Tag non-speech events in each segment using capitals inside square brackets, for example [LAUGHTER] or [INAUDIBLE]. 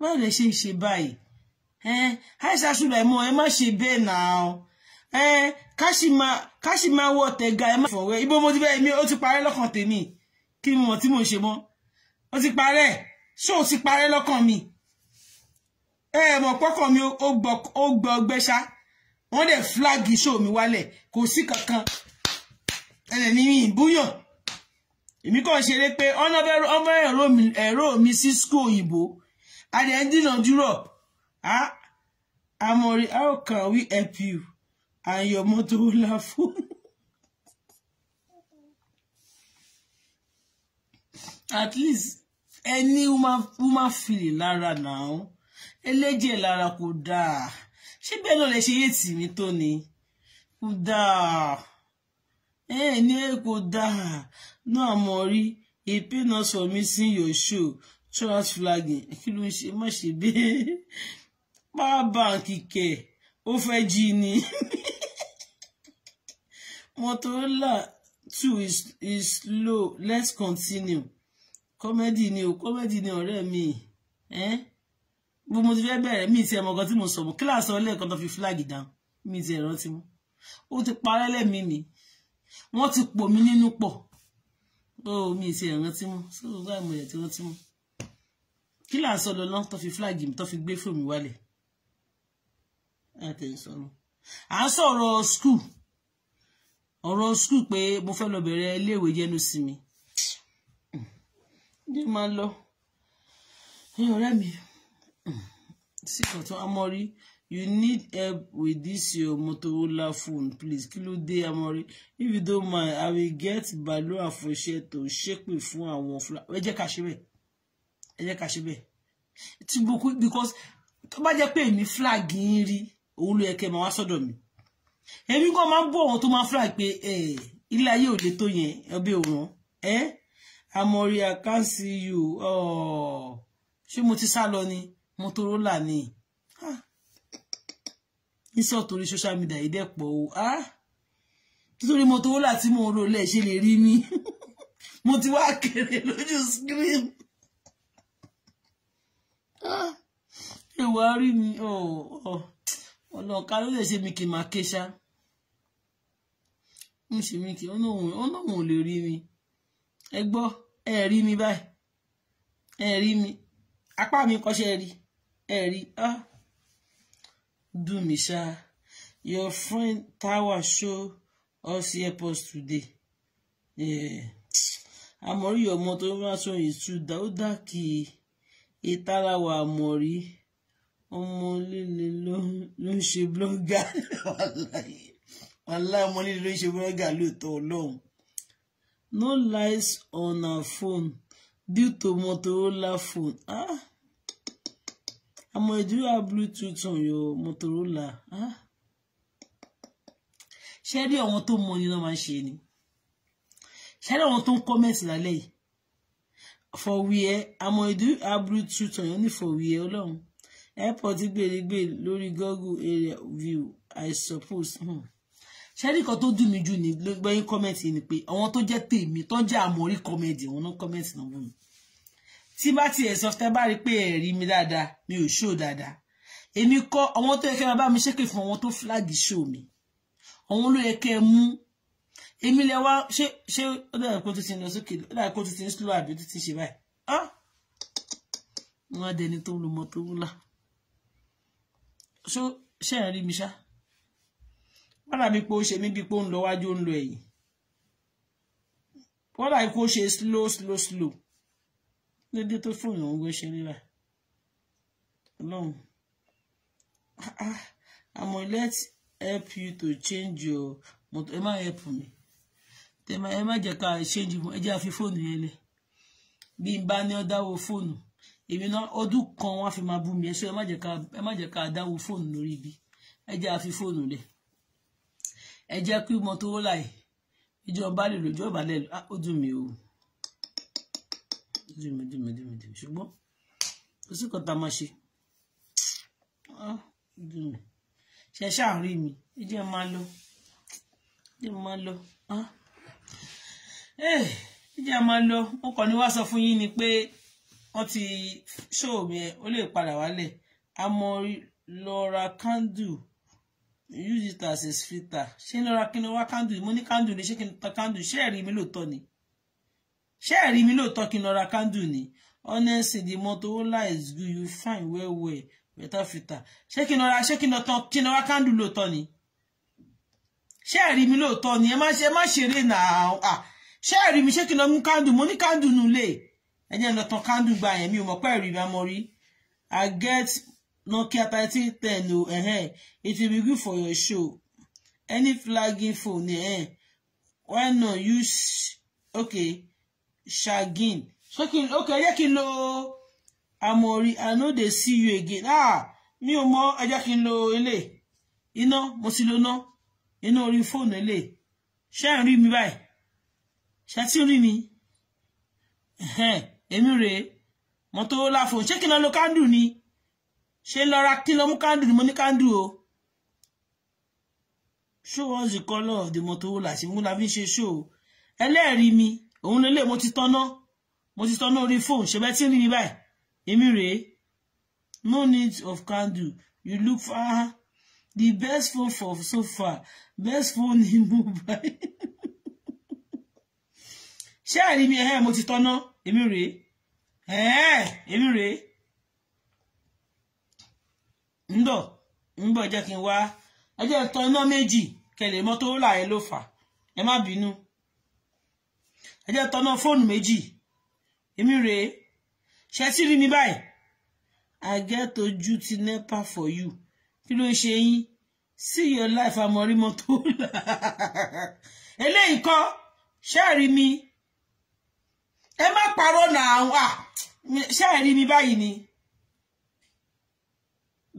báyìí lè ṣe ń ṣe báyìí aisha sulaimon ẹ má ṣe bẹ́ẹ̀ náà ká sì máa wọ tẹ̀ga ẹ má fọ̀wẹ́ ibo mo ti fẹ́ mi ó ti parẹ́ lọ́kàn tèmi kí ni mo ti mo ń ṣe mọ́ ó ti parẹ́ ṣé ó ti parẹ́ lọ́kàn mi ẹ mọ̀ pọ́kàn mi ó gbọ́ ọgbẹ́ ṣá wọ́n dẹ̀ flag show mi wálẹ̀ kò sí kankan ẹ̀rẹ̀ ni mi ìbúyàn èmi kàn ṣeré pé ọ̀nà ẹ̀rọ mi sí skul òyìnbó at the ending of Europe. Ah, Amori, how can we help you? And your Motorola [LAUGHS] phone. at least any woman woman feeling lára now. Ẹlẹ́jẹ̀ lára kò dáa. Ṣé bẹ́ẹ̀ náà lè ṣe yé tì mí tó ni? Kò dáa. Ẹ ní kò dáa. No, Amori, a pain not for missing your show trans flagging kí ló ń ṣe má ṣe bẹ́ẹ̀ power bank kẹ̀ ó fẹ́ jí ni [LAUGHS] Motorola two is is low let's continue comedy ni o comedy ni ọ̀rẹ́ mi bó mo ti fẹ́ bẹ̀rẹ̀ mi ti ẹ̀ mọ̀gán tí mo sọ̀mù kíláàsì ọlẹ́ẹ̀kan tó fi flag down mi ti ẹ̀rọ ti mú ó ti parẹ́ lẹ́mí mi wọ́n ti pò mí nínú pọ̀ ó oh, mi ti ẹ̀rọ ti mú so báyìí mo rẹ̀ ti rántí mú kí là ń sọ lọ lọ́n tó fi fúláàgì mi tó fi gbé fóònù wálẹ̀ àtẹ̀ ń sọ̀rọ̀ à ń sọ̀rọ̀ skul ọ̀rọ̀ skul pé mo fẹ́ lọ bẹ̀rẹ̀ iléèwé jẹ́nu sí mi ní máa lọ ní ọ̀rẹ́ mi sí kọ̀tún amọ́rí you need help with this your motorola phone please kí ló dé amọ́rí if you don't mind i will get balua fún iṣẹ́ tó ṣépè fún àwọn fúlàní ẹ jẹ́ ká ṣe bẹ́ẹ̀ ẹ jẹ́ ká ṣe bẹ́ẹ̀ tí gbogbo because tó bá jẹ́ pé èmi flag ń rí òun ló yẹ kẹ́ máa wá sọ́dọ̀ mi èmi kan máa ń bọ̀ wọn tó máa flag pé ilé ayé ò lè tó yẹn ọbẹ̀ òràn ẹ́ amọ̀rí àkáǹsì yù ṣé mo ti sá lọ ni Motorola ni iṣẹ́ torí social media yìí dẹ̀pọ̀ o nítorí Motorola tí mo ń lò lẹ̀ ṣe lè rí mi [LAUGHS] mo ti wá kéré lójú screen ìwà ah, rí mi oh, oh. ọlọ́ọ̀ká ló lè ṣe mi kì máa ké ṣá ń ṣe mi kì ọlọ́run ò lè rí mi ẹ gbọ́ ẹ rí mi báyìí ẹ rí mi apá mi kọ́ṣẹ́ rí ẹ rí á ah. dùn mí ṣá your friend Tower show us airport today eh. àmọ́rí ọmọ tó ń rán aṣọ yìí tún dá ó dá kìí ìtarawà àmọ̀rí [LAUGHS] ọmọ líle ló ń ṣe blọ́gà wàhálà ọmọ líle ló ń ṣe blọ́gà lóòótọ́ ọlọ́run no lies on our phone due to Motorola phone ah àmọ́ do you Bluetooth on your Motorola ah ṣé rí àwọn tó mọ ni wọ́n máa ń ṣe ni ṣé rí àwọn tó ń kọ́mẹ̀sì lálẹ́ yìí fọwíẹ amọ̀ìdú abúrútù tọ̀yán ní fọwíẹ ọlọ́run airport gbèrègbè lórí google area view i suppose hmm. ṣẹ́rí kan tó dùn mí jù ní gbẹ́yìn kọ́mẹ́ǹtì ni pé àwọn tó jẹ́ tèmi tó jẹ́ àmọ́rí kọ́mẹ́ǹtì àwọn náà kọ́mẹ́ǹtì náà wù mí tí bá tiẹ̀ sọ fẹ́ bá rí pé ẹ̀rí mi dáadáa mi ò ṣó dáadáa èmi kọ́ àwọn tó yẹ kẹ́ máa bá mi ṣépè fún àwọn tó flag show mi àwọn ló yẹ kẹ́ mú èmi lẹ wá ṣé ṣé ó dàbí kó tún ti lọ sókè ó dàbí kó tún ti ń slow àbí ó tún ti ṣe báyìí á wọn á dẹni tó ń lo mọ́tò wúlà ṣó ṣe ń rí mi ṣá wọn dàbí pé ó ṣe mí bíi pé ó ń lọ wájú ó ń lọ ẹ̀yìn wọn dàbí pé ṣe slow slow slow dédé tó fún ìyàwó gbé ṣe rírà Ọlọ́run àmọ́ ah, ah, let help you to change your mọ́tò ẹ má help me tẹ̀mà ẹ má jẹ́ ká ṣéǹjì mọ́ ẹ jẹ́ àfi fóònù yẹn lẹ̀ bí n bá ní ọ dáwọ́ fóònù èmi náà ọdún kan wọn fi máa bú mi ẹ ṣe ẹ má jẹ́ ká dáwọ́ fóònù lórí ibi ẹ jẹ́ àfi fóònù lẹ̀ ẹ jẹ́ kí Motorola yìí ìjọba lè lò ìjọba lè lò ah, ó dùn mí o dùn mí dùn mí dùn mí dùn mí ṣùgbọ́n kò sí kan a máa ṣe ah, dùn mí ṣe ṣáà rí mi ẹ jẹ́ máa lọ ẹ jẹ́ máa lọ. Ah ẹ eh, jẹ́ máa lọ mo kàn ní wá sọ fún yín ni pé wọ́n ti ṣóò mi ẹ̀ ó lè padà wálẹ̀ àmọ́ lọ́ra kándù use it as a filter ṣé lọ́ra kí ni wá kándù mo ní kándù ni ṣé kí n tan kándù ṣé ẹ̀rí mi lóòótọ́ ni ṣé ẹ̀rí mi lóòótọ́ kí n lọ́ra kándù ni honestly the Motorola is good you fine well well better filter ṣé kí n lọ́ra ṣé kí n tan kí n lọ́ra kándù lóòótọ́ ni ṣé ẹ̀rí mi lóòótọ́ ni ẹ má ṣe eré nàá ah, ṣé ẹ̀rí mi ṣé kí n lọ mú kándù mo ní kándù nù lè ẹ jẹ́ n lọ tan kándù gba yẹn mi ò mọ̀ pé ẹ̀rí mi àmọ́ rí I get Nokia thirty ten o ẹ̀hẹ́n it will be good for your show any flagging phone eh? why not use okay shagin so kí n okay ẹ jẹ́ kí n lo Amori I no dey see you again ah mi ò mọ̀ ẹ jẹ́ kí n lo ilé iná mo sì lo ná iná orí fóònù ilé ṣé ń mi báyìí ṣe tí rí ni èmi rèé mọ́tò láfo ṣé kí n lọ lo kándù ni ṣé ń lọ́ra kí n lọ mú kándù ni mo ní kándù o show us the colour of the Motorola ṣe mú la fi ṣe show ẹlẹ́rìí mi òun lélẹ̀ mo ti tọ́ná mo ti tọ́ná orí fóònù ṣe bẹ́ẹ̀ tí rí mi báyìí èmi rèé no need of candle you look for the best phone for so far best phone in [LAUGHS] mobile ṣé ẹ̀rí mi ẹ̀hẹ́ mo ti tọ́ná èmi rèé ẹ̀ẹ́ èmi rèé ń bọ̀ ń bọ̀ jẹ́ kí n wá ẹ jẹ́ tọ́ná méjì kẹlẹ̀ mọ́tò ó là ẹ ló fà ẹ má bínú ẹ jẹ́ tọ́ná fóònù méjì èmi rèé ṣe sí rí mi báyìí I get ojú ti nepa for you kí ló ń ṣe yín see your life amọ̀rí mọ́tò ó là [LAUGHS] eléyìí kọ́ ṣẹ́ẹ̀rí mi ẹ má parọ́ nà àwọn à rí mi báyìí ni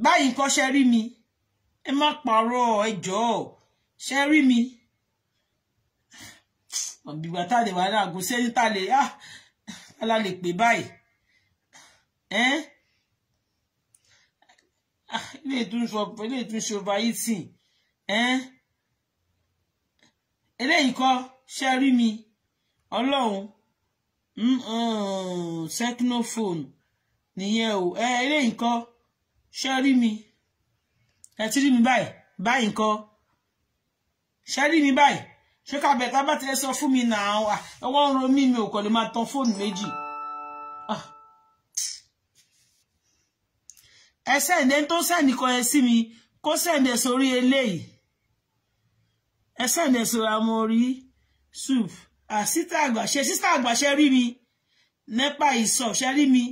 báyìí nǹkan ṣe rí mi ẹ má parọ́ ẹ ṣe rí mi ọ̀bìgbà tá a lè wà ní àgọ́ sẹ́yìn tá a lè ah tá a lè pè báyìí ẹ́ ilé ìtúnṣe ilé ìtúnṣe ọba ẹ́ eléyìí kọ́ ṣe rí mi ọlọ́run Mm, oh, technophone nìyẹn o ẹ eléyìí nǹkan ṣe rí mi ẹ ti rí mi báyìí báyìí nǹkan ṣe rí mi báyìí ṣé ká bẹ̀ ká bá ti sọ fún mi náà ẹwọ́ ah, ń ro mí mi ò kàn lè máa tan fóònù méjì. Ah. ẹ sẹ́ǹdẹ́ tó sẹ́ǹdì kan ẹ sí mi kó sẹ́ǹdẹ̀ sórí eléyìí ẹ sẹ́ǹdẹ̀ sórí amórí soup. Ah, sísá àgbàṣe sísá àgbàṣe rí mi nepa ìsọ ṣe rí mi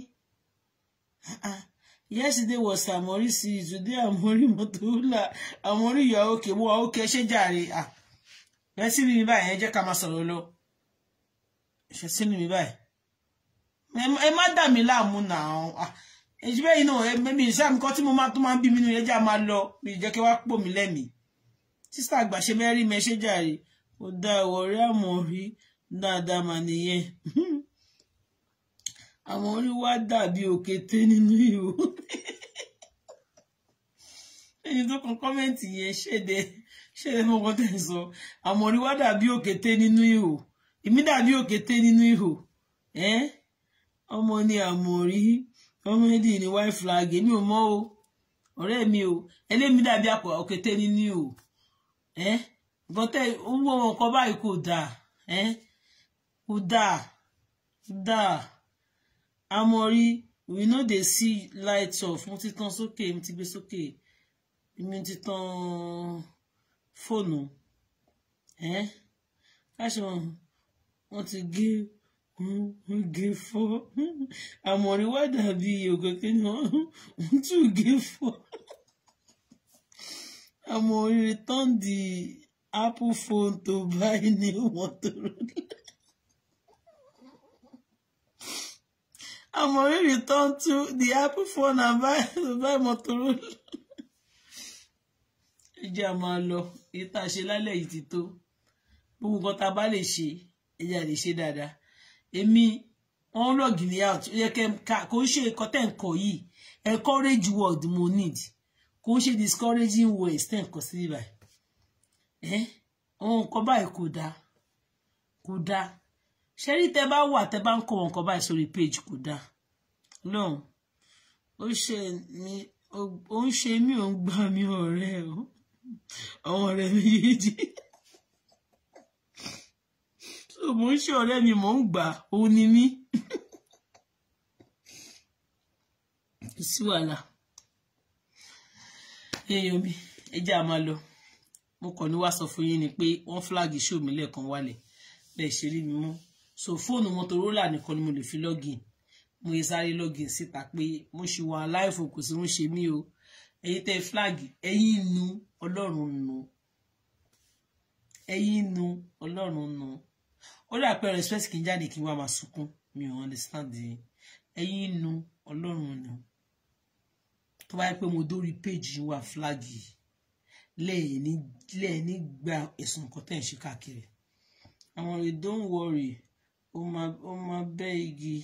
ah, ah. yesterday was amori see today amori motola amori yọ òkè mo wà òkè ṣe jàre bẹ́ẹ̀ sí mi báyìí ẹ jẹ́ ká máa sọ̀rọ̀ lọ ṣe sí mi báyìí ẹ má dà mí láàmú náà èyí bẹ́ẹ̀ náà ẹ̀mí ìṣàmì kan tí mo máa tó máa ń bí mi nínú ẹja máa lọ mi ìjẹ́kẹ́ wá pò mí lẹ́mìí sísá àgbàṣe mẹ́rin mẹ́ṣẹ́jàre. da wori amori dada ma niyen [LAUGHS] amori wa bi okete ninu iwo [LAUGHS] eyin to kon comment yen sede sede mo kon ten so amori wa bi okete ninu iwo imi bi okete ninu iwo eh omo ni amori omo ni white flag emi o mo o ore emi o ele mi da bi okete ninu bọ́tẹ́ ń wọ́n wọn kọ́ báyìí kò dáa kò dáa dáa amọ̀rí we no dey see light off mo ti tan sókè mo ti gbé sókè mo ti tan fóònù káṣí wọn ti gé wọn gé fọ amọ̀rí wá dàbí ògò kíni wọn tún gé fọ amọ̀rí return the. Apple phone to buy new Motorola. I'm already returned to the Apple phone and buy to buy Motorola. Ẹ jẹ́ a máa lọ, èyí tá a ṣe lálẹ́ yìí ti tó. Gbogbo nǹkan tá a bá lè ṣe, ẹ a lè ṣe dáadáa. Èmi, wọ́n lọ́ọ̀gì ní out, ó yẹ kẹ́ ká kó ṣe ẹ̀kọ́ tẹ̀ ń kọ̀ yìí. Encourage word mo need. Kó ṣe discouraging words tẹ̀ ń kọ̀ sí báyìí àwọn nǹkan báyìí kò dáa kò dáa ṣẹ́rí tẹ bá wà tẹ bá ń kó nǹkan báyìí sórí page kò dáa lọ́hùn ó ṣe mi ó ń ṣe mí ò ń gbà mí ọ̀rẹ́ o àwọn ọ̀rẹ́ mi yéjì so mò ń ṣe ọ̀rẹ́ mi mò ń gbà òun ni mí sí wàhálà èèyàn mi ẹ jẹ́ àmà lọ mo kàn ní wá sọ fún yín ni pé wọ́n flag show mi lẹ́ẹ̀kan wálẹ̀ bẹ́ẹ̀ ṣe rí mi mọ́ so fóònù motorola nìkan ni mo lè fi login mo yẹ sáré login síta pé mo ṣì wà láìfò kò sí ń ṣe mí o ẹ̀yin tẹ flag ẹ̀yin nu Ọlọ́run nu ẹ̀yin nu Ọlọ́run nu ó dà pé respect kì í jáde kí n wá máa sunkún mi ò understand yìí ẹ̀yin nu Ọlọ́run nu tó bá yẹ pé mo dórí péjì wà flag yìí lẹ́yìn ní lẹ́yìn ní gba ẹ̀sùn nǹkan tẹ̀ ń ṣe káàkiri àwọn rẹ̀ don't worry ó máa ó máa bẹ́ igi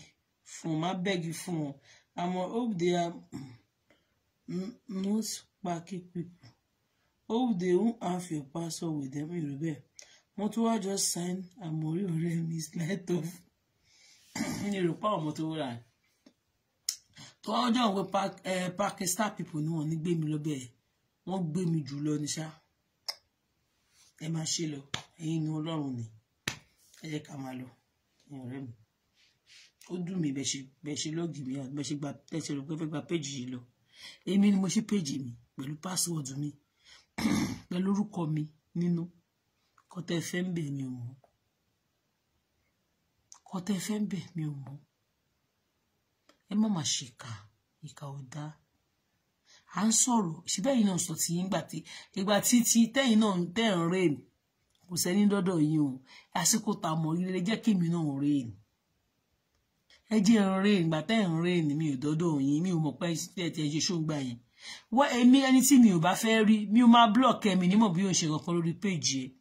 fún máa bẹ́gi fún wọn àwọn hope they are mm, mm, most paki people hope they won't have your password with them irú bẹ́ẹ̀ wọ́n tún wá just sign àmọ́rí ọ̀rẹ́ mi slight [LAUGHS] off ní ìrọ̀pá ọmọ tó rà tó ọjọ́ òwe eh, Pakistan people ni wọ́n ní gbé mi lọ bẹ́ẹ̀ wọ́n gbé mi jù lọ ní ṣá ẹ máa ṣe lọ ẹ̀yin ni ọlọ́run ni ẹ jẹ́ ká máa lọ ẹ̀yin ọ̀rẹ́ mi ó dùn mí bẹ́ẹ̀ ṣe lọ́ọ̀gì mi bẹ́ẹ̀ ṣe gba tẹ̀sí rẹ̀ pé fẹ́ gba péjì yìí lọ èmi ni mo ṣe péjì mi pẹ̀lú páṣíwọ̀dù mi [CLEARS THROAT] pẹ̀lú orúkọ mi nínú kọ́tẹ́ fẹ́ ń bẹ̀ mi ò mọ̀ kọ́tẹ́ fẹ́ ń bẹ̀ mi ò mọ̀ ẹ má máa ṣèkà ìkà ò dáa à ń sọ̀rọ̀ ṣíbẹ̀yìn náà sọ ti yín gbà tí ìgbà títí tẹ́yìn náà tẹ̀ ń rè ní kò sẹ́ni dọ́dọ̀ yín o àsìkò tá a mọ̀ rírẹ jẹ́ kí èmi náà rè ní ẹ jẹ́ ń rè nígbà tẹ́ ń rè ní mi ò dọ́dọ̀ yín mi ò mọ̀ pé ẹ ti ẹ ṣe ṣóńgbà yẹn wá èmi ẹni tí mi ò bá fẹ́ rí mi ò máa block ẹ̀mí nímọ̀ bí yóò ṣe kankan lórí péjì ẹ̀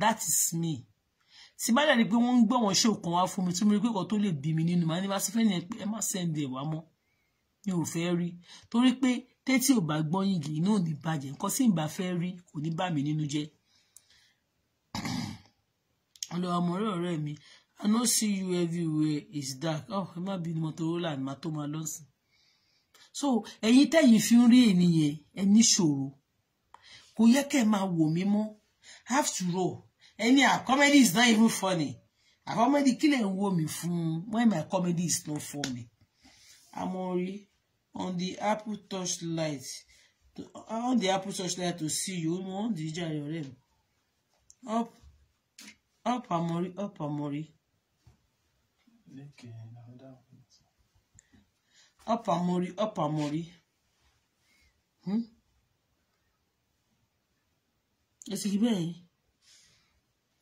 that is me tí bá dàbí pé wọ́n ń gbọ́ wọn ṣe òkan wá fún mi tí mo rí pé kò tó lè bí mi nínú màá ní bá sí fẹ́ ni ẹ má send ẹ̀ wá mọ́ mi ò fẹ́ rí torí pé tétí ò bá gbọ́ yìgì inú ò ní bàjẹ́ nǹkan tí n bá fẹ́ rí kò ní bà mí nínú jẹ́ [CLEARS THROAT] ọlọ́wọ́ ọmọ ọ̀rẹ́ mi I no see you everywhere is dark ọ oh, ẹ má bínú Motorola ni màá tó máa lọ́sìn so ẹ̀yin tẹ́yin fi ń rí ènìyàn ẹ níṣòro kò yẹ kẹ́ ẹ máa wò mí mọ́ after all ẹni a comedy is not even funny a comedy kí lè ń wò mí fún when my comedy is not funny amórí on the apple touch light to, uh, on the apple touch light to see you mo on the jàre ọ̀rẹ́ mi up up amori up amori up amori up amori hmm? ẹsẹ kí bẹ́ẹ̀ yín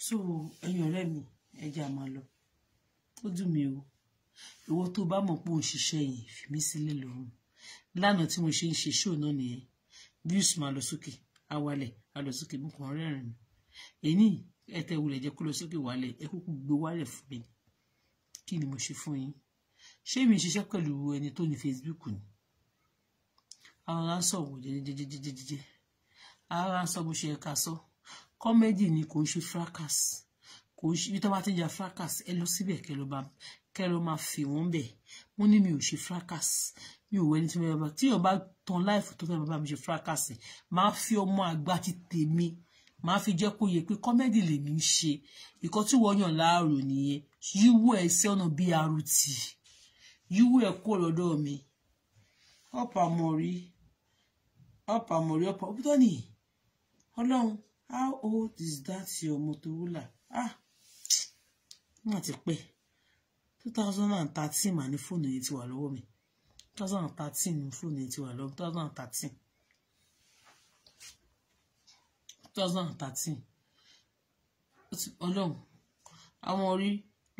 so ẹ̀yin ọ̀rẹ́ mi ẹja máa lọ ó dùn mí o ìwọ to bá mọ̀ pé òun ṣiṣẹ́ yìí fi mí sílẹ̀ lọ́rùn lánàá tí mo ṣe ń ṣe ṣóò náà nìyẹn views máa lọ sókè awalẹ̀ alọsókè mú kàn rẹ́rìn mi èyí ẹtẹ wulẹ̀ jẹ́ kó lọ sókè wálẹ̀ ẹ kúkú gbé wálẹ̀ fún mi kí ni mo ṣe fún yín ṣé mi ṣiṣẹ́ pẹ̀lú ẹni tó ní Facebook ni àwọn á sọ wò jẹjẹjẹjẹjẹjẹ àwọn á sọ bó ṣe ẹka sọ kọ́mẹ́dì ni kò ń ṣe fracas kò ń ṣe ibi tó ti ń ja fracas ẹ lọ síbẹ̀ kẹ lọ bá kẹ lọ máa fi wọ́n bẹ̀ wọ́n ní mi ò ṣe fracas mi ò wẹni tí mo bá tí yóò bá tan láìfù tó fẹ́ bá mi ṣe fracas máa fi ọmọ àgbà ti tèmi máa fi jẹ́ kó yẹ pé kọ́mẹ́dì lèmi ń ṣe ìkan tí wọ́n yàn láàrò nìyẹn yíwú ẹ̀ sí ọ̀nà BRT yíwú ẹ̀ kó lọ́dọ̀ mi ọ̀pọ̀ àmọ̀rí ọ̀pọ̀ àmọ̀rí ọ̀pọ̀ òbítọ́nì ọlọ́run how old is that your Motorola ah nígbà tí pé two thousand and thirteen mà ní fóònù yẹn ti wà lọ́wọ́ mi two thousand and thirteen ní fóònù yẹn ti wà lọ́wọ́ two thousand and thirteen two thousand and thirteen ọlọ́run àwọn orí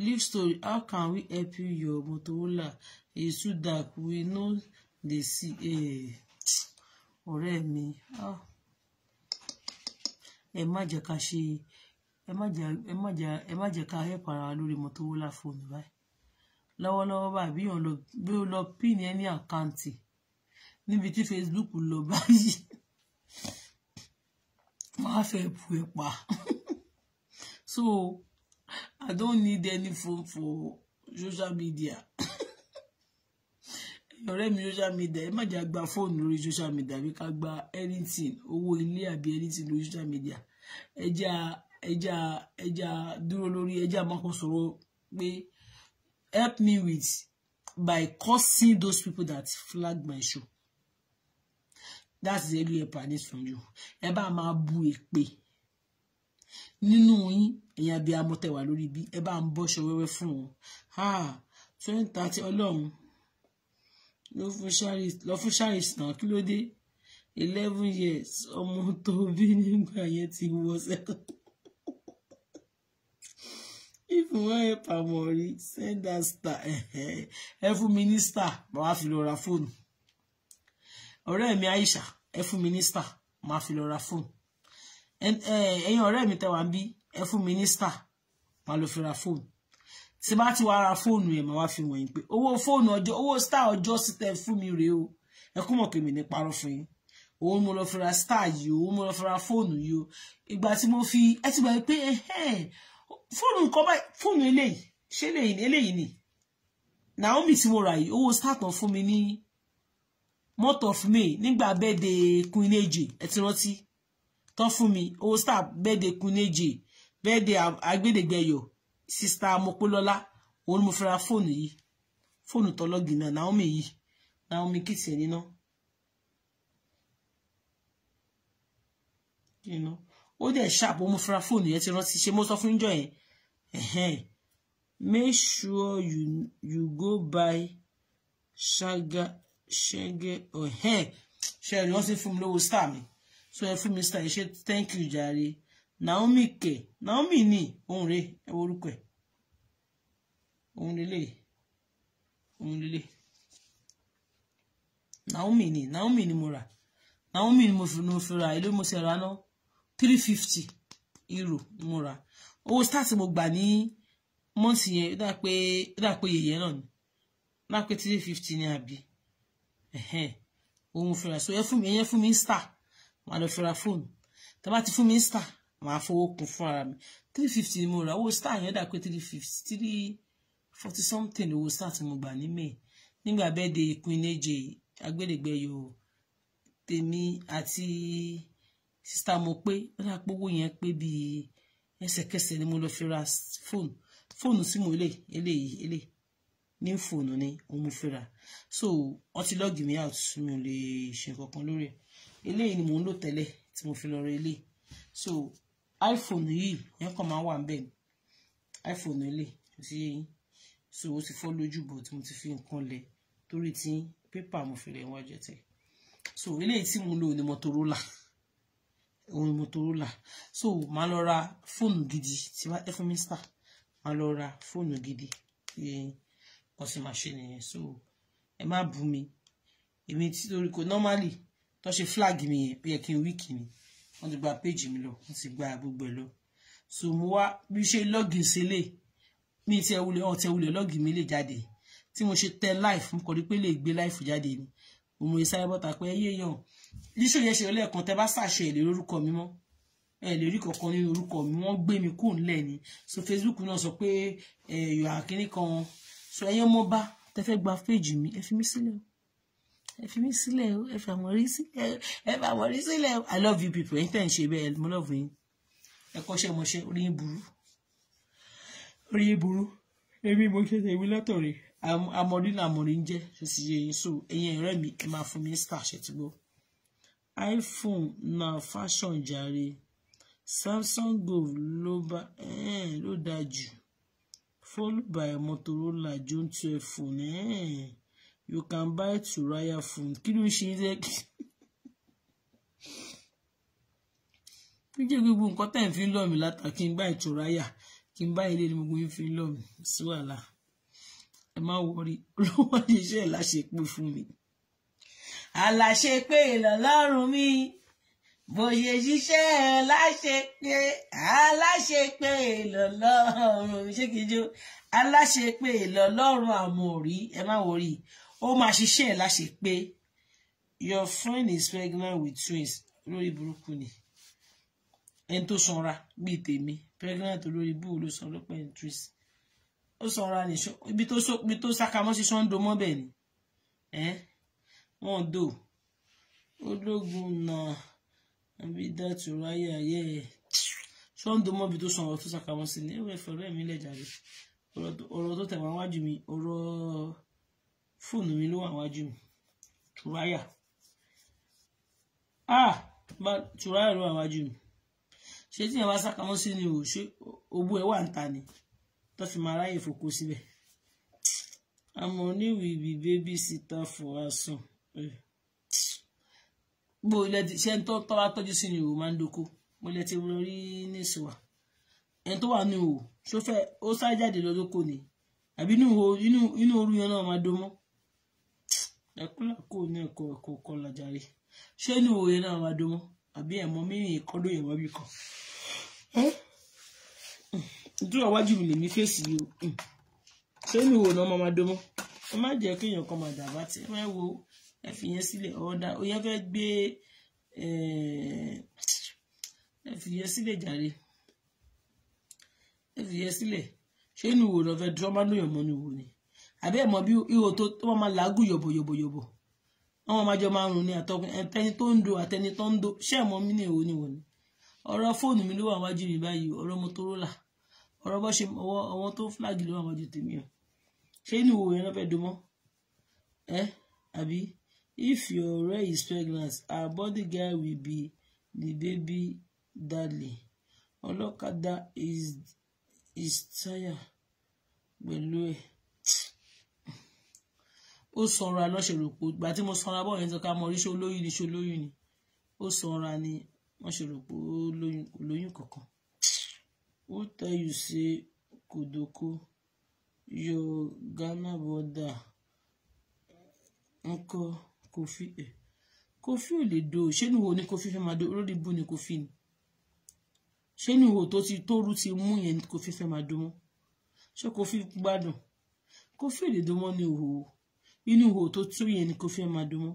leave story how can we help you your Motorola is too dark we no dey see eh, ọ̀rẹ́ mi ah. ẹ má jẹ́ ká ṣe ẹ má jẹ ẹ má jẹ ẹ má jẹ ká help ara wa lórí Motowala fóònù báyìí lọ́wọ́lọ́wọ́ báyìí bí yàn lọ bí ó lọ pin ẹni àkáǹtì níbi tí Facebook lọ báyìí máa [LAUGHS] fẹ́ bu ẹ pa [LAUGHS] so I don't need any phone for social media [LAUGHS] ọ̀rẹ́ mi social media ẹ má jà gba fóònù lórí social media àbí ká gba anything owó ilé àbí anything lórí social media ẹ jẹ́ a ẹja ẹja dúró lórí ẹja máa kàn pé help me with by cursing those people that flag my show that is early help I need from you ẹ bá máa bu èpè nínú yín ẹ̀yin àbí amọ̀tẹ̀wà lórí ibi ẹ bá ń bọ́ṣọ wẹ́wẹ́ fún wọn ah, twenty thirty ọlọ́run lọ fún charles náà kí ló dé eleven years ọmọ tó bí nígbà yẹn ti wọ sẹ́kọ̀ọ́ if you wan help Amori send that star ẹ fún mi ní star fi lọ ra fóònù ọ̀rẹ́ mi Aisha ẹ fún mi ní star mà wá fi lọ ra fóònù ẹ̀yin ọ̀rẹ́ mi tẹwàá bí ẹ fún mi ní star mà lọ fi ra fóònù tí bá ti wá ra fóònù ẹ mà wá fi wọ̀nyí pé owó fóònù ọjọ́ owó star ọjọ́ sí tẹ fún mi rèé o ẹ kú mọ̀ pé mi ní parọ́ fún yín òun mo lọ fi ra star yìí o mo lọ fi ra fóònù yìí o ìgbà tí mo fi ẹ ti gbà pé fóònù nǹkan báyìí fóònù eléyìí ṣé eléyìí ni eléyìí ni Naomi tí mo yìí owó start on fún mi ní month of May nígbà birthday Queen Ejay ẹ ti rántí tán fún mi owó start birthday Queen Ejay birthday agbẹdẹgbẹyọ sista Mopolola òun ni mo fẹ́ ra fóònù yìí fóònù tọlọ́gì náà Naomi yìí Naomi kìtì ẹ̀ nínú. You know ó dẹ̀ ṣàpò mo fura fóònù yẹn ti rántí ṣe mo sọ fún níjọ́ yẹn make sure you, you go buy ṣága ṣẹ́gẹ́ oh, ọ̀hẹ́ ṣe ẹ̀rí wọ́n sì fún mi lówó star mi so ẹ fún mi star yìí ṣe thank you jàre Naomi kẹ Naomi ni òun rè ẹ wo orúkọ ẹ òun lélẹ̀ òun lélẹ̀ Naomi ni Naomi ni mo rà Naomi ni mo fi ra ilé mo ṣe ra náà. three fifty euro mo rà start mo gba ní mọ́ǹsì yẹn ó pe pé ó dà pé ni three fifty ní àbí ohun so ẹ fún mi fún mi star ti fún mi star màá fowó fún ara mi three fifty ni mo rà owó star yẹn ó pe three fifty three forty something owó star tí mo gba ní may de temi ati. sísá mo pé ó dà pé owó yẹn pé bíi ẹsẹ̀kẹsẹ̀ ni mo lọ fi ra fóònù fóònù sí mo lè eléyìí eléyìí ní fóònù ni òun mo fi ra so wọ́n ti lọ́ọ̀gì mi out mi ò lè ṣe kankan lórí ẹ̀ eléyìí ni mò ń lò tẹ́lẹ̀ tí mo fi lọ ra eléyìí so iphone yìí yẹn kàn máa wà ń bẹ̀ iphone ele, ti yẹyin so ó ti fọ́ lójú bọ̀ tí mo ti fi nǹkan lẹ̀ torí tí pépà mo fi rẹ̀ wájú tẹ̀ so eléyìí tí mo lò ní Motorola òun motorola so màá lọ ra fóònù gidi tí wá ẹ fún mi màá lọ ra fóònù gidi ọ̀sìn máa ṣe so ẹ má bú mi èmi tí torí ko normally tó ṣe flag mi yẹn ó yẹ kí n wíìkì ni wọ́n ti gba page mi lọ wọ́n ti gba gbogbo ẹ̀ lọ so mo wá bí ṣe login sílẹ̀ mi ti ẹ̀ wulẹ̀ ọ̀tẹ̀ wulẹ̀ login mi lè jáde tí mo ṣe tẹ life mo kọ̀ rí pé lè gbé life jáde ni mo mọ ìsáyẹ́bọ̀tà pé ẹ yéèyàn líṣòro yẹn ṣe lẹ́ẹ̀kan tẹ́ bá ṣàṣẹ ìlérí orúkọ mi mọ́ ẹ lè rí kankan nínú orúkọ mi wọ́n gbé mi kúrò ńlẹ̀ ni so Facebook náà sọ pé ẹ̀yọ̀ àkíní kan so ẹ̀yẹ́ mọ́ bá tẹ́ fẹ́ gba péjì mi ẹ fi mí sílẹ̀ o ẹ fi mí sílẹ̀ o ẹ fi àwọn sílẹ̀ o ẹ fi àwọn sílẹ̀ o I love you people ẹ̀yin tẹ̀ ń ṣe bẹ́ẹ̀ mo love yín ẹ kọ́ṣẹ́ mọṣẹ́ orí yín burú orí yín burú èmi mo ṣe tèmi látọ̀rẹ́ amọ̀rí làmọ̀rí ń jẹ́ ṣe sì yẹ yín so ẹ̀yin ẹ̀rẹ́ mi ẹ máa fún mi star ṣètìgbọ́ iphone na fashion jàre samsung go ló bá um ló dáa jù followed by motorola june twelve phone um you can buy turaya phone kí ló ṣe é kí jẹ́ gbogbo nǹkan tẹ̀ ń fi lọ̀ mí látà kí n bá ìturaya kí n bá ilé ni gbogbo yín fi lọ̀ mí ẹ má wọrí olówó àdéṣe ẹ̀ láṣepé fún mi aláṣẹ pé ìlọlọ́run mi bóyè ṣiṣẹ́ aláṣẹ pé aláṣẹ pé ìlọlọ́run mi ṣé kìí jó aláṣẹ pé ìlọlọ́run àmọ̀rí ẹ má wọrí ó máa ṣiṣẹ́ láṣẹ pé your friend is pregnant with twins lórí burúkú ni ẹni tó sanra bíi tèmi pregnant olórí búù ló san lọ́pọ̀ ẹni twins ó sanra ní ibi tó sákamọ́ sí sọ́ńdọ̀ mọ́bẹ̀ ni. Eh? wọn dò ológun náà Abídàtú ráyà yẹ ṣọ́ńdó mọ́bi tó sọ̀rọ̀ tó sàkàwọ́ sí ni ẹ̀wẹ̀ fẹ̀rẹ̀ mi lẹ́jàre ọ̀rọ̀ tó tẹ̀wọ̀n wájú mi ọ̀rọ̀ fóònù mi ló wà wájú mi tùráyà ah bá tùráyà ló wà wájú mi ṣé tí yẹn bá sàkàwọ́ sí ni o ṣé owó ẹ̀ wà ń ta ni tó fi máa ráyè fòkó síbẹ̀ àmọ́ oníwìbí bébí síta fò asùn bó ilẹ̀ ti ṣe ń tọ́ tọ́ bá tọ́jú sí ni o máa ń doko mo lẹ ti rí nísìn wa ẹni tó wà ní o ṣó fẹ́ ó sáré jáde lọ lóko ni àbí inú ooru yẹn náà máa dó mọ́ ẹkúlà kò ní ẹ̀kọ́ ẹ̀kọ́ kọ́ lajàre ṣé inú òye náà máa dó mọ́ àbí ẹ̀mọ́ mírìn ìkọ́dó yẹn wábì kan ìdúrà wájú mi lèmi fèsì yìí o ṣé inú òye náà máa dó mọ́ ẹ má jẹ́ kéèyàn kan máa dàbá tí ẹ má wo ẹ fi yẹn sílẹ̀ ọ̀dà ó yẹ fẹ́ gbé ẹ fi yẹn sílẹ̀ jàre ẹ fi yẹn sílẹ̀ ṣé inú ìwò lọ fẹ́ dúró máa lóyún mọ́ ní ìwò ni àbí ẹ̀ mọ̀ bí ihò tó wọ́n máa làágùn yọ̀bọ̀ yọ̀bọ̀ yọ̀bọ̀ wọ́n máa jọ máa rùn ní àtọkùn ẹni tó ń do àtẹni tó ń do ṣé ẹ̀ mọ̀ mí ní ìwò ni wò ni ọ̀rọ̀ fóònù mi ló wà wájú mi báyìí ọ̀rọ̀ Motorola ọ̀rọ̀ bọ́ ṣe ọwọ́ tó flag ló wà wájú tèmi o ṣé inú ìwò yẹn lọ́ fẹ́ domọ́ ẹ́ àbí if your rare is pregnant her bodyguard will be the baby darling ọlọ́kadà is is tire pẹ̀lú ẹ̀ ó sanra lọ́sẹ̀rọ̀pọ̀ ìgbà tí mo sanra bọ́ọ̀ yẹn tó ká mọ orí ṣe olóyún ni ṣe olóyún ni ó sanra ni wọ́n ṣe rò pé ó lóyún kò lóyún kankan ó tell you say kòdókó your Ghana border ńkọ́. Kofi ẹ eh. Kofi ò lè do ṣé ní wo ni Kofi fẹ́ máa do olórí bú ni Kofi ni ṣé ní wo tó ti tóru ti mú yẹn ni Kofi fẹ́ máa do mọ́ ṣé Kofi gbádùn Kofi ò lè do mọ́ ní òhò inú òhò tó tú yẹn ni Kofi fẹ́ máa do mọ́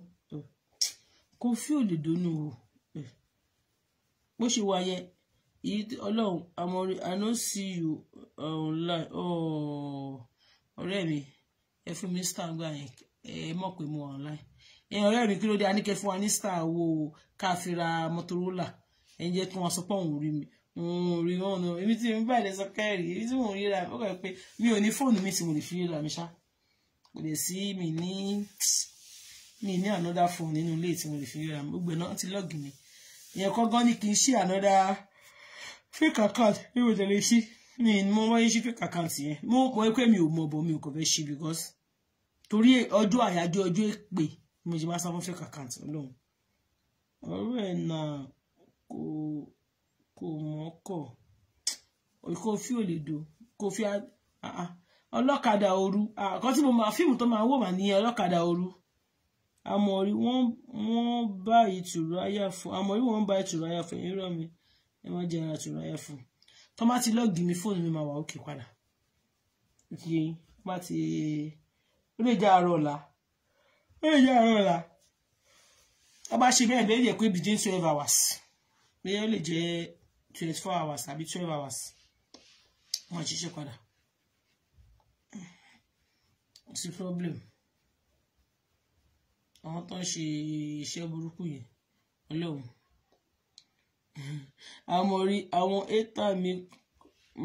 Kofi ò lè do ní òhò eh. bó ṣe wà yẹn ọlọ́run amọ̀rin i no see you uh, online ọ̀rẹ́ mi ẹ fún mi star gba yẹn ẹ mọ̀ pé mo online ẹ̀yin ọ̀rẹ́ mi kí ló dé aníkẹ fún wa ní star wo káfíra motorola ẹ̀yin jẹ́ kí wọ́n sọ pé òun rí mi òun rí wọn nù èmi tí mo bá ilẹ̀ sọ kẹ́rì èmi tí mo rí ó kọ̀ pé mi ò ní fóònù mi tí mo lè fi rí mi ṣá kò lè sí mi ní mi ní another phone nínú ilé tí mo lè fi rí ra mi gbogbo náà ti lọ́ọ̀gì mi ìyẹn kọ́gán ní kì í ṣe another fake account bí mo tẹ̀lé sí mi mo wọ́n sí fake account yẹn mo mọ̀ pé mi ò mọ̀ bọ̀ mi ò kọ̀ fẹ́ ṣe because torí ọjọ́ àyájọ́ ọjọ́ èpè bí mo ṣe máa sábà fẹ́ kàkà tí ọlọ́run ọ̀rọ̀ ẹ̀ náà kò kò mọ́ kọ̀ kò fi òlèdò kò fi ọlọ́kadà òru àkọ́ tí mo máa fíìmù tó máa wò mà ní ọlọ́kadà òru àmọ̀rí wọ́n bá ìtùrú ayá fún àmọ̀rí wọ́n bá ìtùrú ayá fún ẹ̀yìn mi ẹ má jẹ́ ara ìtùrú ayá fún tó ti lọ́ọ̀gì mi fóònù mi máa wà òkè padà yìí má ti ó lè jẹ́ àárọ̀ ọ̀la ó yà ọ rà a bá ṣe bẹ́ẹ̀ bẹ́ẹ̀ yẹ pé twelve hours bẹ́ẹ̀ ó lè jẹ́ twenty four hours àbí twelve hours wọ́n ṣiṣẹ́ padà sí problem àwọn tó ń ṣe iṣẹ́ burúkú yẹn ọlọ́run àmọ́ rí àwọn étà mi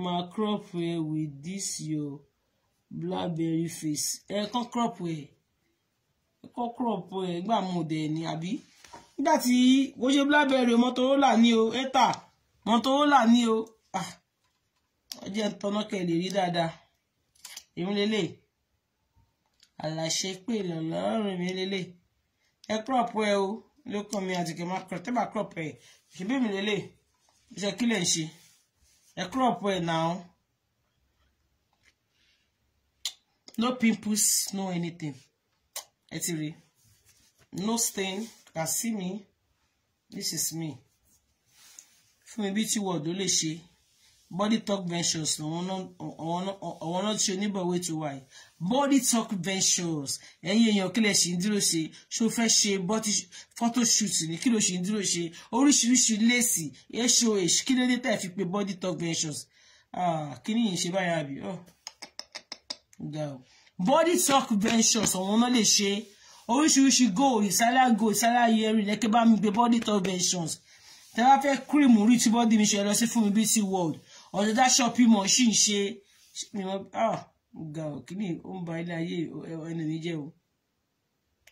máa crop ẹ with this your blackberry face ẹ kàn crop ẹ. Eh, kọ́kọ́rọ̀p ẹ̀ eh, gbà mú dẹ̀ ni àbí nígbà tí bó ṣe blackberry motorola ní o eta motorola ní o ọjọ́ ah, ìtọ́nà kẹlẹ̀ rí dáadáa èmi lélẹ̀ àlàṣe pé lọ́lọ́rùn mi lélẹ̀ ẹ crop ẹ o ló kàn mí àti kẹmà crop tẹ́bà crop ẹ ṣèbí mi lélẹ̀ iṣẹ́ kí lè ń ṣe ẹ crop ẹ now no pimples no anything ẹ ti rí no stain kà sí mi this is me fún mi bí tí wọ́ọ̀dù lè ṣe body talk ventures àwọn náà tí oníbọ̀wé tó wà yìí body talk ventures ẹ̀yin èèyàn kí lẹ̀ ṣì ń dúró ṣe ṣó fẹ́ ṣe photoshoot ní kí ló ṣì ń dúró ṣe oríṣiríṣi lẹ́sì èso èṣù kí ló dé tẹ̀ fi pe body talk ventures Ah, ni yìí ṣe báyà bí oh. ó ga body talk ventures ọ̀wọ́n náà lè ṣe oríṣiríṣi goal ìsálà goal ìsálà yẹrin lẹ́kẹ́ bá mi gbé body talk ventures tẹ́ bá fẹ́ cream rí tí body mi ṣe lọ sí fún mi beauty world ọ̀dọ̀ dá ṣọ́ọ̀pì mọ̀ ṣì ń ṣe ga ah, ọ̀ kí ni ó ń ba ilé ayé ẹni mi jẹ́ o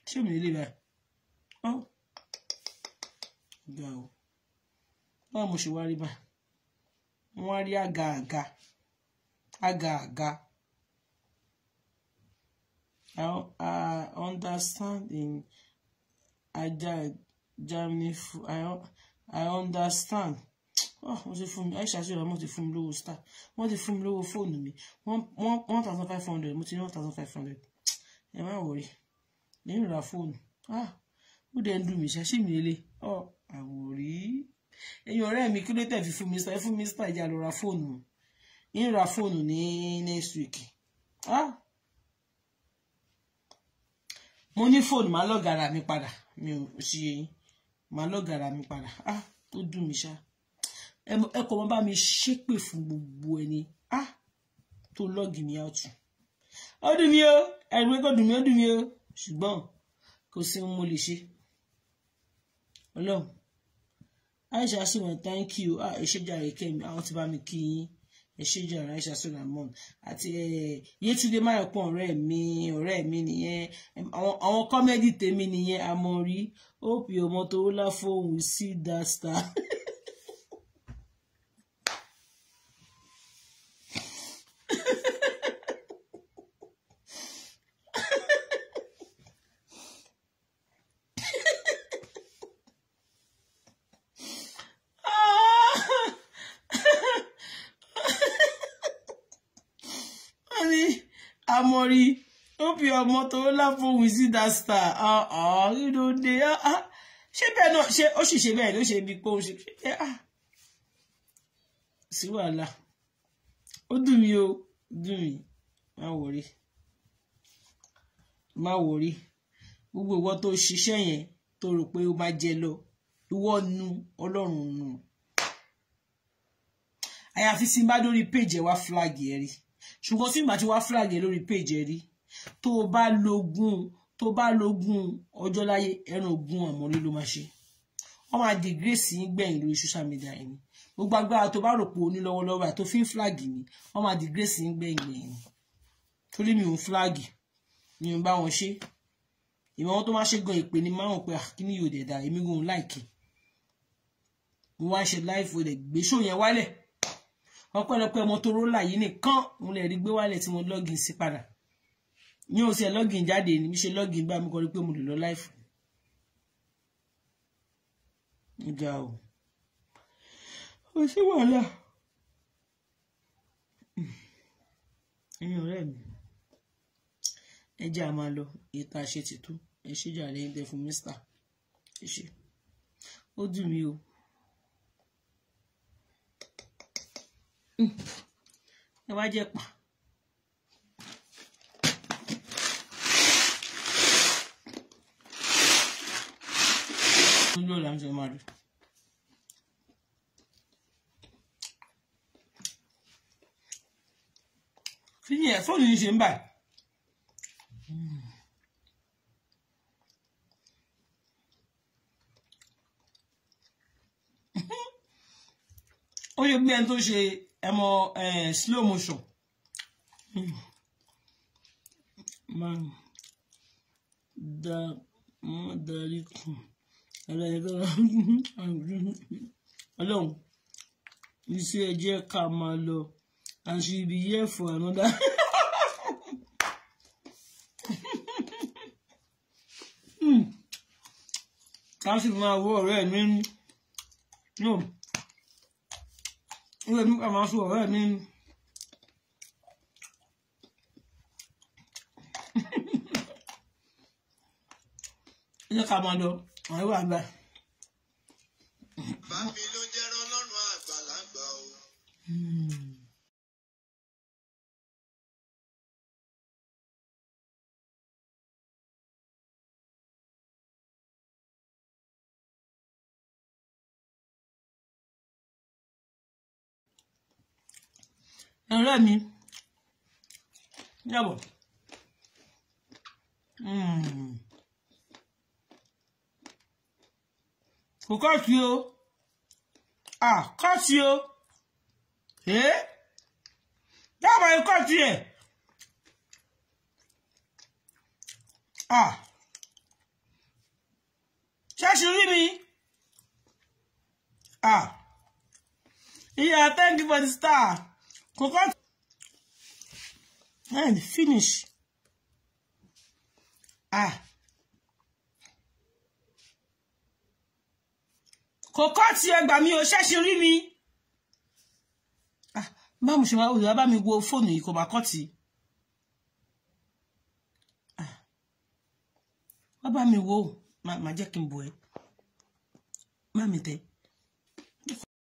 ṣé mi lè bá ọ́ ga ọ̀ báwo mo ṣe wá rí bá wọ́n á rí àgàgà àgàgà. I, I uh, understand in Germany. I, I understand. Oh, wọ́n ti fún mi aisha ṣe ọ̀rọ̀ wọ́n ti fún mi lówó star wọ́n ti fún mi lówó fóònù mi one thousand five hundred mo ti ní one thousand five hundred ẹ má wọrí lẹ́yìn ìrora fóònù ah ó dẹ̀ ń dùn mí ṣáṣí mi lélẹ̀ ọ́ oh, àwòrí ẹ̀yin ọ̀rẹ́ mi kí ló tẹ̀ fi fún mi star ẹ fún mi star ìjà lọ ra fóònù ń ra fóònù ní next week ah mo ní fóònù máa lọ́gàrà mi padà mi ò ṣe máa lọ́gàrà mi padà ah tó dùn mí ṣá ẹ kọ́ wọn bá mi ṣépè fún gbogbo ẹni ah tó lọ́ọ̀gì mi out ó dùn mí o ẹ̀rù pé kò dùn mí ó dùn mí o ṣùgbọ́n kò sí mo lè ṣe ọlọ́run aisha sì wọ́n thank you ah ẹ ṣe jàre kẹ́mi àwọn ti bá mi kí yín ẹṣẹjẹ ọrẹ aisha solomon àti eh, Yétúndé Máyọ̀kún ọ̀rẹ́ mi ọ̀rẹ́ mi nìyẹn àwọn kọ́mẹ́dì tèmi nìyẹn Amọ̀rí hope your motor la phone will see that star. [LAUGHS] Amori, hope your Motorola phone will see that star. Uh-uh, you know, they are. Uh, ah, ṣé bẹ́ẹ̀ náà ṣe ó sì ṣe bẹ́ẹ̀ ló ṣe bí pé ó ṣe ṣe ah sí wàhálà ó dùn mí o dùn mí má wòrí má wòrí gbogbo ìwọ tó ṣiṣẹ́ yẹn tó rò pé ó máa jẹ lọ ìwọ nu ọlọ́run nu àyàfi sí bá lórí péjì wá flag ẹ rí ṣùgbọ́n tí ìgbà tí wàá flag ẹ lórí page ẹ rí tó o bá lógún tó o bá lógún ọjọ́ láyé ẹran ogún àmọ́rí ló máa ṣe wọ́n máa dìgírèsì gbẹ̀yìn lórí social media yìí gbogbo agbára tó bá rò pé o ní lọ́wọ́lọ́wọ́ àti òfin flag ni wọ́n máa dìgírèsì gbẹ̀yìn gbẹ̀yìn torí mi ò ń flag mi ò ń bá wọn ṣe ìmọ̀ wọn tó máa ṣe gan ìpè ní márùn pé ah, kíní yóò dẹ̀ dá èmi gan láìkì mo wá ń ṣe láìfò rẹ̀ gbé ṣó wálẹ̀ ọpẹ́lọpẹ́ Motorola yìí nìkan mo lè rí gbé wálẹ̀ tí mo lọ́gìn sí padà ní oṣù ẹ̀ lọ́gìn jáde ní bí ṣe lọ́gìn bá mi kọ́ rí pé mo lè lọ láìfù. ìjà o kò sí wàhálà ẹ̀yin ọ̀rẹ́ mi ẹ jẹ́ a máa lọ ìta ṣe tìtú ẹ ṣe jàre ẹ dẹ fún mísítà ẹ ṣe ó dùn mí o. Mm. ẹ wá jẹ pa. ló là fóònù yìí ṣe ń bà. Mm. [LAUGHS] ó yẹ bí ẹni tó ṣe ẹ mọ slow motion. Man, da mọ́ darí kù ẹlẹ́yìn tó ọlọ́run iṣẹ́ ẹ jẹ́ ká and she be here for another. Hmm. ká sì máa wọ ọ̀rẹ́ mi No ó lè mú ká máa sọ ọ̀rẹ́ mi ni. ilé ká máa lọ àwọn ọ̀rẹ́ mi yàbọ̀ hmm. kò kọ́ọ̀tù o à kọ́ọ̀tù o ee dábàá yìí kọ́ọ̀tù yẹ à ṣẹ́ẹ̀ṣì rí mi à ìyá thank you for the star. Coconut. And finish. Ah. Coconut you have me o ṣẹ́ṣin rí mi. Ah, báwo she máa wùdí bá mi wo fóònù yìí kò máa kọ́tì. Ah, what bá me wo my jẹ́ kí n bọ̀ ẹ́. Má